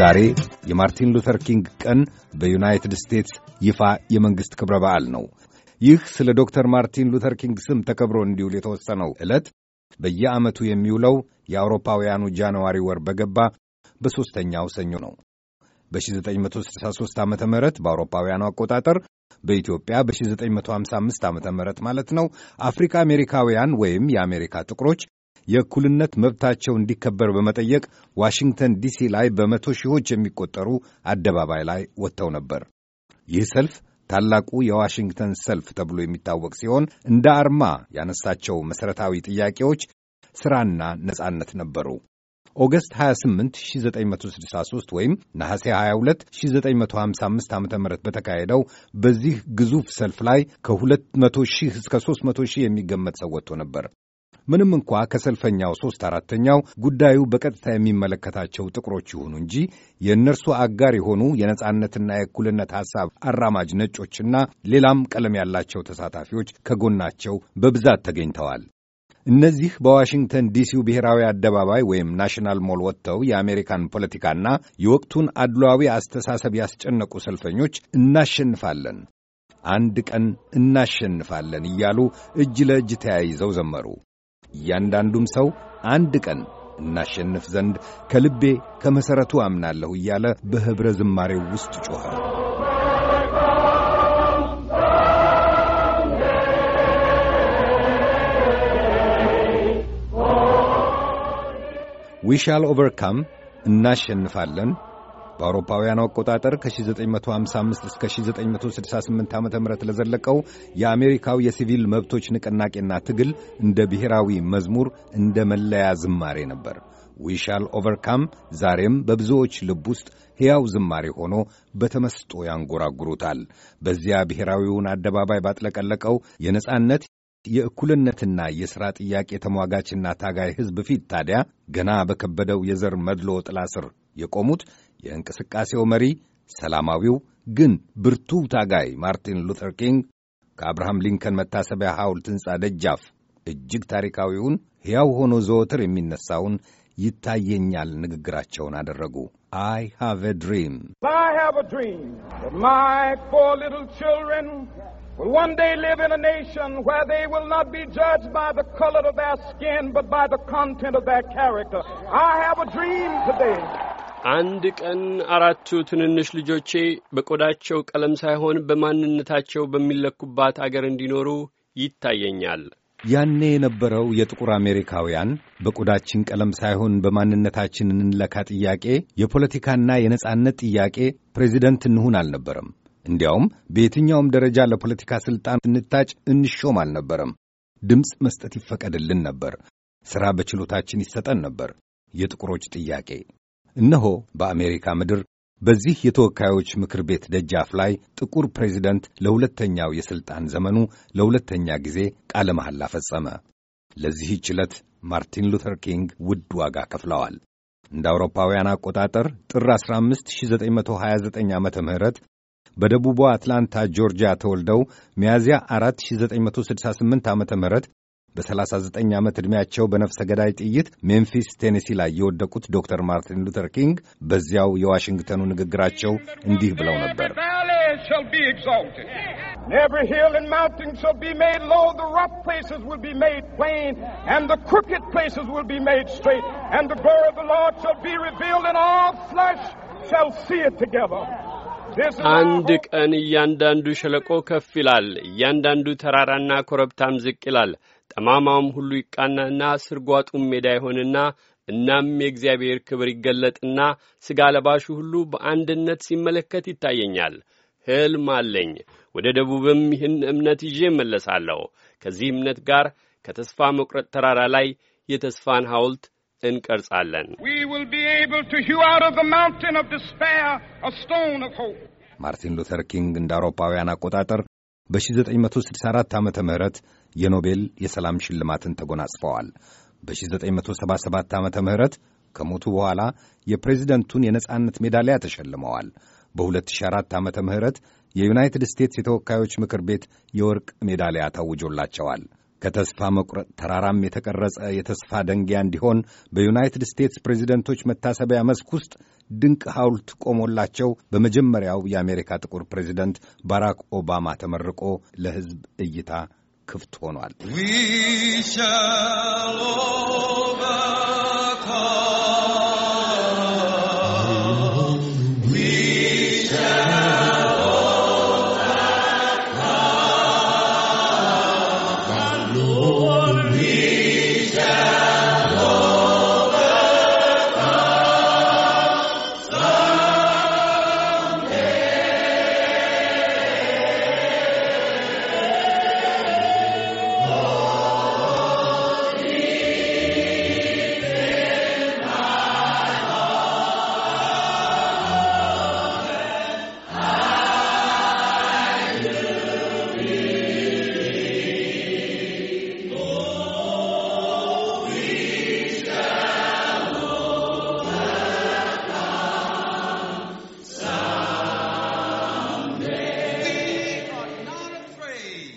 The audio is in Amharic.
ዛሬ የማርቲን ሉተር ኪንግ ቀን በዩናይትድ ስቴትስ ይፋ የመንግሥት ክብረ በዓል ነው። ይህ ስለ ዶክተር ማርቲን ሉተር ኪንግ ስም ተከብሮ እንዲውል የተወሰነው ዕለት በየዓመቱ የሚውለው የአውሮፓውያኑ ጃንዋሪ ወር በገባ በሦስተኛው ሰኞ ነው። በ1963 ዓ ም በአውሮፓውያኑ አቆጣጠር በኢትዮጵያ በ1955 ዓ ም ማለት ነው። አፍሪካ አሜሪካውያን ወይም የአሜሪካ ጥቁሮች የእኩልነት መብታቸው እንዲከበር በመጠየቅ ዋሽንግተን ዲሲ ላይ በመቶ ሺዎች የሚቆጠሩ አደባባይ ላይ ወጥተው ነበር። ይህ ሰልፍ ታላቁ የዋሽንግተን ሰልፍ ተብሎ የሚታወቅ ሲሆን እንደ አርማ ያነሳቸው መሠረታዊ ጥያቄዎች ሥራና ነጻነት ነበሩ። ኦገስት 28 1963 ወይም ነሐሴ 22 1955 ዓ ም በተካሄደው በዚህ ግዙፍ ሰልፍ ላይ ከ200 ሺህ እስከ 300 ሺህ የሚገመት ሰው ወጥቶ ነበር። ምንም እንኳ ከሰልፈኛው ሦስት አራተኛው ጉዳዩ በቀጥታ የሚመለከታቸው ጥቁሮች ይሁኑ እንጂ የእነርሱ አጋር የሆኑ የነጻነትና የእኩልነት ሐሳብ አራማጅ ነጮችና ሌላም ቀለም ያላቸው ተሳታፊዎች ከጎናቸው በብዛት ተገኝተዋል። እነዚህ በዋሽንግተን ዲሲው ብሔራዊ አደባባይ ወይም ናሽናል ሞል ወጥተው የአሜሪካን ፖለቲካና የወቅቱን አድሏዊ አስተሳሰብ ያስጨነቁ ሰልፈኞች እናሸንፋለን፣ አንድ ቀን እናሸንፋለን እያሉ እጅ ለእጅ ተያይዘው ዘመሩ። እያንዳንዱም ሰው አንድ ቀን እናሸንፍ ዘንድ ከልቤ ከመሠረቱ አምናለሁ እያለ በኅብረ ዝማሬው ውስጥ ጮኸ። ዊሻል ኦቨርካም እናሸንፋለን በአውሮፓውያኑ አቆጣጠር ከ1955 እስከ 1968 ዓ ም ለዘለቀው የአሜሪካው የሲቪል መብቶች ንቅናቄና ትግል እንደ ብሔራዊ መዝሙር እንደ መለያ ዝማሬ ነበር። ዊሻል ኦቨርካም ዛሬም በብዙዎች ልብ ውስጥ ሕያው ዝማሬ ሆኖ በተመስጦ ያንጎራጉሩታል። በዚያ ብሔራዊውን አደባባይ ባጥለቀለቀው የነጻነት የእኩልነትና የሥራ ጥያቄ ተሟጋችና ታጋይ ሕዝብ ፊት ታዲያ ገና በከበደው የዘር መድሎ ጥላ ስር የቆሙት የእንቅስቃሴው መሪ ሰላማዊው ግን ብርቱ ታጋይ ማርቲን ሉተር ኪንግ ከአብርሃም ሊንከን መታሰቢያ ሐውልት ሕንፃ ደጃፍ እጅግ ታሪካዊውን ሕያው ሆኖ ዘወትር የሚነሳውን ይታየኛል ንግግራቸውን አደረጉ። I I have have a a dream. dream that my four little children will one day live in a nation where they will not be judged by the color of their skin, but by the content of their character. I have a dream today. አንድ ቀን አራቱ ትንንሽ ልጆቼ በቆዳቸው ቀለም ሳይሆን በማንነታቸው በሚለኩባት አገር እንዲኖሩ ይታየኛል። ያኔ የነበረው የጥቁር አሜሪካውያን በቆዳችን ቀለም ሳይሆን በማንነታችን እንለካ ጥያቄ፣ የፖለቲካና የነጻነት ጥያቄ ፕሬዚደንት እንሁን አልነበረም። እንዲያውም በየትኛውም ደረጃ ለፖለቲካ ሥልጣን እንታጭ፣ እንሾም አልነበረም። ድምፅ መስጠት ይፈቀድልን ነበር። ሥራ በችሎታችን ይሰጠን ነበር። የጥቁሮች ጥያቄ እነሆ በአሜሪካ ምድር በዚህ የተወካዮች ምክር ቤት ደጃፍ ላይ ጥቁር ፕሬዚደንት ለሁለተኛው የሥልጣን ዘመኑ ለሁለተኛ ጊዜ ቃለ መሐላ ፈጸመ። ለዚህች ዕለት ማርቲን ሉተር ኪንግ ውድ ዋጋ ከፍለዋል። እንደ አውሮፓውያን አቆጣጠር ጥር 15 1929 ዓ ም በደቡቧ አትላንታ ጆርጂያ ተወልደው ሚያዝያ 4 1968 ዓ ም በ39 ዓመት ዕድሜያቸው በነፍሰ ገዳይ ጥይት ሜምፊስ ቴኔሲ ላይ የወደቁት ዶክተር ማርቲን ሉተር ኪንግ በዚያው የዋሽንግተኑ ንግግራቸው እንዲህ ብለው ነበር። አንድ ቀን እያንዳንዱ ሸለቆ ከፍ ይላል፣ እያንዳንዱ ተራራና ኮረብታም ዝቅ ይላል። ጠማማውም ሁሉ ይቃናና ስርጓጡም ሜዳ ይሆንና እናም የእግዚአብሔር ክብር ይገለጥና ሥጋ ለባሹ ሁሉ በአንድነት ሲመለከት ይታየኛል። ሕልም አለኝ። ወደ ደቡብም ይህን እምነት ይዤ እመለሳለሁ። ከዚህ እምነት ጋር ከተስፋ መቁረጥ ተራራ ላይ የተስፋን ሐውልት እንቀርጻለን። ማርቲን ሉተር ኪንግ እንደ አውሮፓውያን አቆጣጠር በ1964 ዓ ምህረት የኖቤል የሰላም ሽልማትን ተጎናጽፈዋል። በ1977 ዓ ምህረት ከሞቱ በኋላ የፕሬዚደንቱን የነጻነት ሜዳሊያ ተሸልመዋል። በ2004 ዓ ምህረት የዩናይትድ ስቴትስ የተወካዮች ምክር ቤት የወርቅ ሜዳሊያ ታውጆላቸዋል። ከተስፋ መቁረጥ ተራራም የተቀረጸ የተስፋ ደንጊያ እንዲሆን በዩናይትድ ስቴትስ ፕሬዚደንቶች መታሰቢያ መስክ ውስጥ ድንቅ ሐውልት ቆሞላቸው በመጀመሪያው የአሜሪካ ጥቁር ፕሬዚደንት ባራክ ኦባማ ተመርቆ ለሕዝብ እይታ ክፍት ሆኗል።